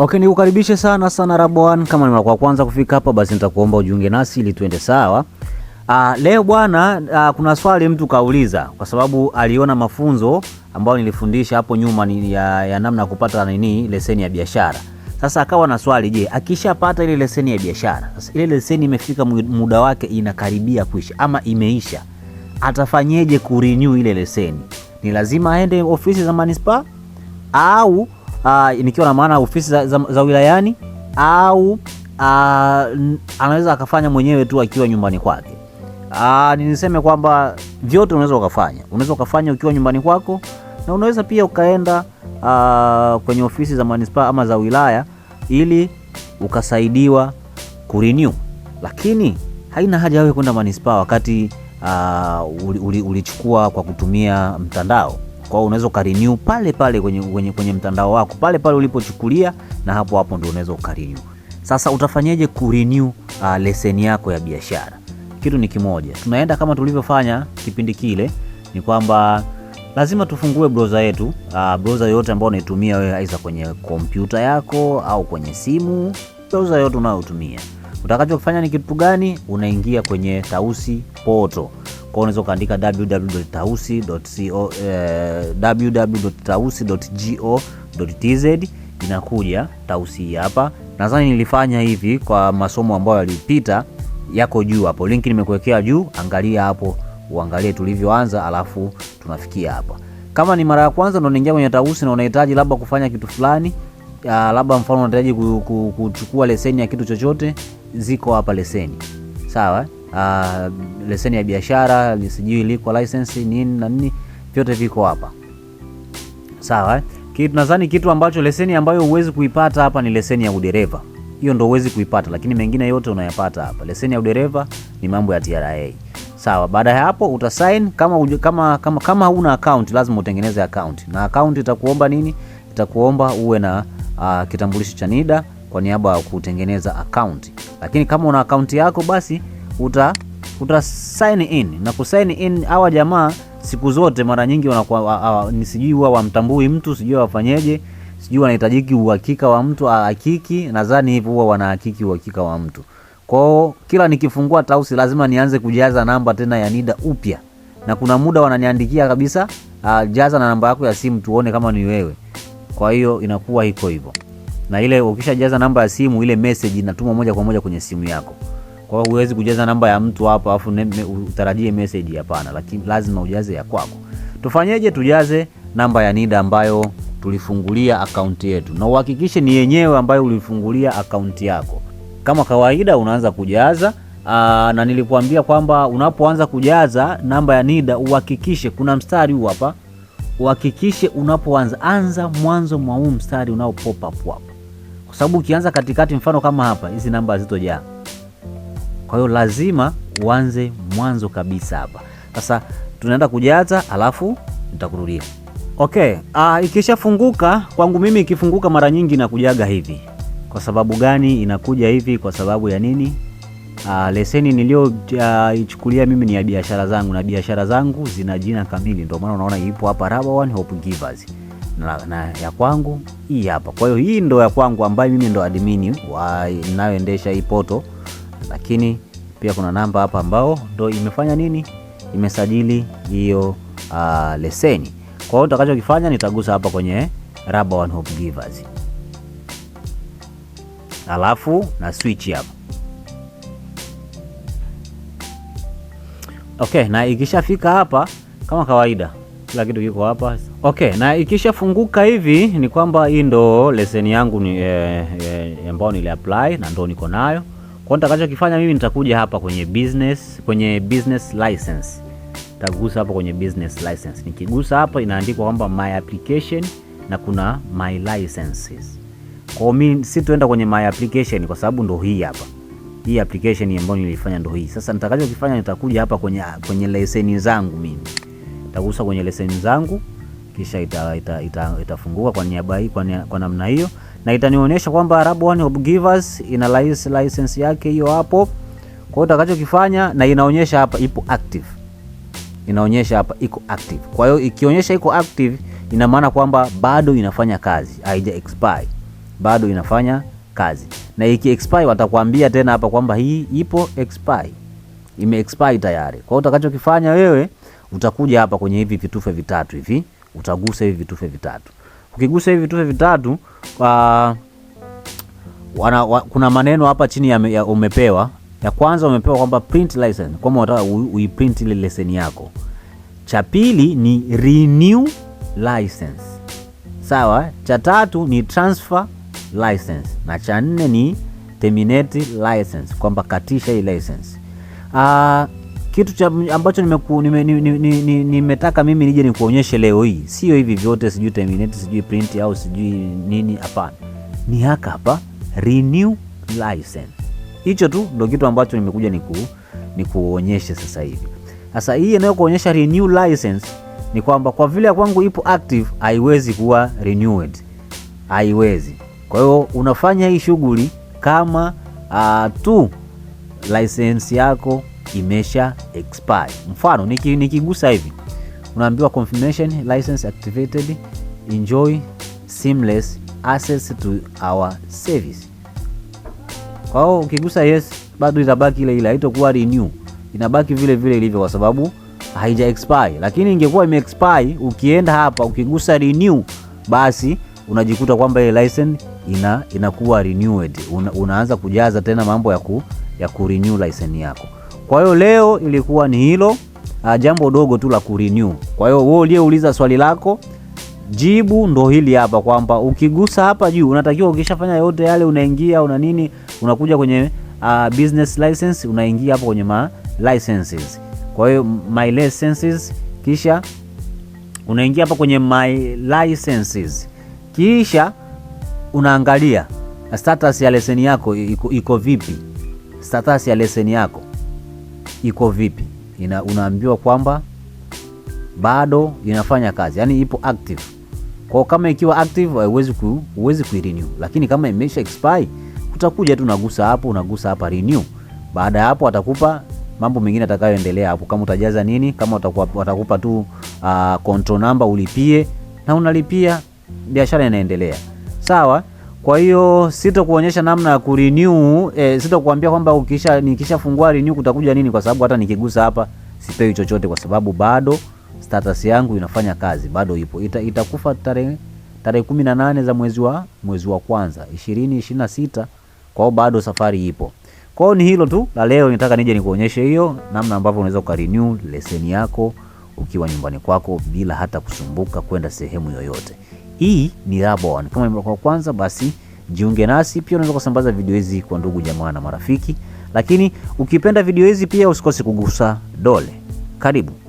Okay, nikukaribishe sana sana Rabwan. Kama ni mara ya kwanza kufika hapa, basi nitakuomba ujiunge nasi ili tuende sawa. Aa, ah, leo bwana, ah, kuna swali mtu kauliza kwa sababu aliona mafunzo ambayo nilifundisha hapo nyuma ni ya, ya namna ya kupata nini leseni ya biashara. Sasa akawa na swali, je, akishapata ile leseni ya biashara, sasa ile leseni imefika muda wake inakaribia kuisha ama imeisha, atafanyeje kurenew ile leseni? Ni lazima aende ofisi za manispaa au uh, nikiwa na maana ofisi za, za, za wilayani au uh, anaweza akafanya mwenyewe tu akiwa nyumbani kwake. Uh, ah, niseme kwamba vyote unaweza ukafanya, unaweza ukafanya ukiwa nyumbani kwako na unaweza pia ukaenda uh, kwenye ofisi za manispaa ama za wilaya ili ukasaidiwa kurenew, lakini haina haja wewe kwenda manispaa wakati uh, ulichukua uli, uli kwa kutumia mtandao kwao hiyo unaweza ukarenew pale pale kwenye, kwenye, kwenye mtandao wako pale pale ulipochukulia, na hapo hapo ndio unaweza ukarenew. Sasa utafanyaje kurenew uh, leseni yako ya biashara? Kitu ni kimoja, tunaenda kama tulivyofanya kipindi kile, ni kwamba lazima tufungue browser yetu, uh, browser yote ambayo unaitumia wewe, aidha kwenye kompyuta yako au kwenye simu, browser yote unayotumia. Utakachofanya ni kitu gani? Unaingia kwenye Tausi Poto kwao unaweza ukaandika eh, www.tausi.go.tz inakuja tausi hii hapa. Nadhani nilifanya hivi kwa masomo ambayo yalipita, yako juu hapo, linki nimekuwekea juu, angalia hapo uangalie tulivyoanza, alafu tunafikia hapa. Kama ni mara ya kwanza ndo unaingia kwenye tausi na unahitaji labda kufanya kitu fulani, labda mfano unahitaji kuchukua leseni ya kitu chochote, ziko hapa leseni, sawa uh, leseni ya biashara, sijui liko license nini na nini, vyote viko hapa sawa. Eh? Kitu nadhani kitu ambacho leseni ambayo huwezi kuipata hapa ni leseni ya udereva, hiyo ndio huwezi kuipata, lakini mengine yote unayapata hapa. Leseni ya udereva ni mambo ya TRA sawa. Baada ya hapo utasign kama, kama, kama, kama huna account lazima utengeneze account, na account itakuomba nini? Itakuomba uwe na uh, kitambulisho cha NIDA kwa niaba ya kutengeneza account, lakini kama una account yako basi uta, uta sign in na ku sign in. Hawa jamaa siku zote mara nyingi wanakuwa ni sijui huwa wamtambui mtu sijui wafanyeje sijui wanahitajiki uhakika wa mtu hakiki nadhani hivyo huwa wanahakiki uhakika wa mtu. Kwao kila nikifungua tausi lazima nianze kujaza namba tena ya NIDA upya, na kuna muda wananiandikia kabisa uh, jaza na namba yako ya simu tuone kama ni wewe. Kwa hiyo inakuwa hiko hivyo, na ile ukishajaza namba ya simu ile message inatumwa moja kwa moja kwenye simu yako. Kwa hiyo huwezi kujaza namba ya mtu hapa afu utarajie message, hapana, lakini lazima ujaze ya kwako. Tufanyeje? Tujaze namba ya NIDA ambayo tulifungulia akaunti yetu, na uhakikishe ni yenyewe ambayo ulifungulia akaunti yako. Kama kawaida, unaanza kujaza aa, na nilikuambia kwamba unapoanza kujaza namba ya NIDA uhakikishe kuna mstari huu hapa, uhakikishe unapoanza anza mwanzo mwa huu mstari unao pop up hapo, kwa sababu ukianza katikati, mfano kama hapa, hizi namba hazitojaa kwa hiyo lazima uanze mwanzo kabisa hapa. Sasa tunaenda kujaza, alafu nitakurudia. Okay, uh, ikishafunguka kwangu mimi, ikifunguka mara nyingi inakujaga hivi. Kwa sababu gani inakuja hivi? Kwa sababu ya nini? Uh, leseni niliyoichukulia ah, uh, mimi ni ya biashara zangu, na biashara zangu zina jina kamili, ndio maana unaona ipo hapa Raba One Hope Givers na, na ya kwangu hii hapa. Kwa hiyo hii ndo ya kwangu ambayo mimi ndo admini ninayoendesha hii poto lakini pia kuna namba hapa ambao ndo imefanya nini, imesajili hiyo uh, leseni. Kwa hiyo nitakachokifanya nitagusa hapa kwenye Raba One Hope Givers, alafu na switch hapa okay, na ikishafika hapa kama kawaida kila kitu kiko hapa okay, na ikishafunguka hivi ni kwamba hii ndo leseni yangu ni, eh, eh, ambayo nili apply na ndo niko nayo. Kwa nitakachokifanya mimi nitakuja hapa kwenye business, kwenye business license. Nitagusa hapa kwenye business license. Nikigusa hapa inaandikwa kwamba my application na kuna my licenses. Kwa mimi sitaenda kwenye my application kwa sababu ndo hii hapa. Hii application ambayo nilifanya ndo hii. Sasa nitakachokifanya nitakuja hapa kwenye kwenye leseni zangu mimi. Nitagusa kwenye leseni zangu kisha itafunguka ita, ita, ita kwa niaba hii kwa, kwa namna hiyo na itanionyesha kwamba Arab One Hop Givers ina license yake hiyo hapo. Kwa hiyo utakachokifanya, na inaonyesha hapa ipo active, inaonyesha hapa iko active. Kwa hiyo ikionyesha iko active, ina maana kwamba bado inafanya kazi, haija expire, bado inafanya kazi. Na iki expire, watakwambia tena hapa kwamba hii ipo expire, ime expire tayari. Kwa hiyo utakachokifanya wewe utakuja hapa kwenye hivi vitufe vitatu hivi, utagusa hivi vitufe vitatu Ukigusa hivi vitufe vitatu kwa ah, wana, wa, kuna maneno hapa chini ya, ya umepewa. Ya kwanza umepewa kwamba print license, kwamba unataka uiprint ile leseni yako. Cha pili ni renew license, sawa. Cha tatu ni transfer license na cha nne ni terminate license, kwamba katisha hii license. Uh, kitu cha ambacho nimetaka nime, nime, nime, nime mimi nije nikuonyeshe leo hii, sio hivi vyote, sijui terminate, sijui print au sijui nini. Hapana, ni haka hapa renew license. Hicho tu ndo kitu ambacho nimekuja niku nikuonyeshe sasa hivi. Sasa hii inayokuonyesha renew license ni kwamba kwa vile kwangu ipo active haiwezi kuwa renewed, haiwezi. Kwa hiyo unafanya hii shughuli kama uh, tu license yako imesha expire. Mfano nikigusa hivi unaambiwa confirmation license activated, enjoy seamless access to our service. Kwa hiyo ukigusa yes, bado itabaki ile ile, haitokuwa renew, inabaki vile vile ilivyo kwa sababu haija expire. Lakini ingekuwa ime expire, ukienda hapa ukigusa renew, basi unajikuta kwamba ile license ina inakuwa renewed. Una, unaanza kujaza tena mambo ya ku ya ku renew license yako. Kwa hiyo leo ilikuwa ni hilo uh, jambo dogo tu la kurenew. Kwa hiyo wewe uliyeuliza swali lako jibu ndo hili hapa, kwamba ukigusa hapa juu unatakiwa ukishafanya yote yale, unaingia una nini, unakuja kwenye uh, business license, unaingia hapo kwenye ma licenses. Kwa hiyo my licenses, kisha unaingia hapa kwenye my licenses, kisha unaangalia status ya leseni yako iko, iko vipi, status ya leseni yako iko vipi? Ina, unaambiwa kwamba bado inafanya kazi, yani ipo active. Kwa kama ikiwa active haiwezi ku, huwezi ku renew, lakini kama imesha expire utakuja tu unagusa hapo, unagusa hapa renew. Baada ya hapo atakupa mambo mengine atakayoendelea hapo, kama utajaza nini, kama utakuwa, watakupa tu uh, control number ulipie na unalipia, biashara inaendelea sawa. Kwa hiyo sitokuonyesha namna ya kurenew e, sitokuambia kwamba ukisha nikishafungua renew kutakuja nini, kwa sababu hata nikigusa hapa sipewi chochote, kwa sababu bado status yangu inafanya kazi, bado ipo, itakufa ita tarehe tarehe kumi na nane za mwezi wa mwezi wa kwanza ishirini ishirini na sita. Kwa hiyo bado safari ipo. Kwa hiyo ni hilo tu la leo, nitaka nije nikuonyeshe hiyo namna ambavyo unaweza ukarenew leseni yako ukiwa nyumbani kwako bila hata kusumbuka kwenda sehemu yoyote. Hii ni Rabaone. Kama ni mara kwa kwanza, basi jiunge nasi. Pia unaweza kusambaza video hizi kwa ndugu, jamaa na marafiki, lakini ukipenda video hizi pia usikose kugusa dole. Karibu.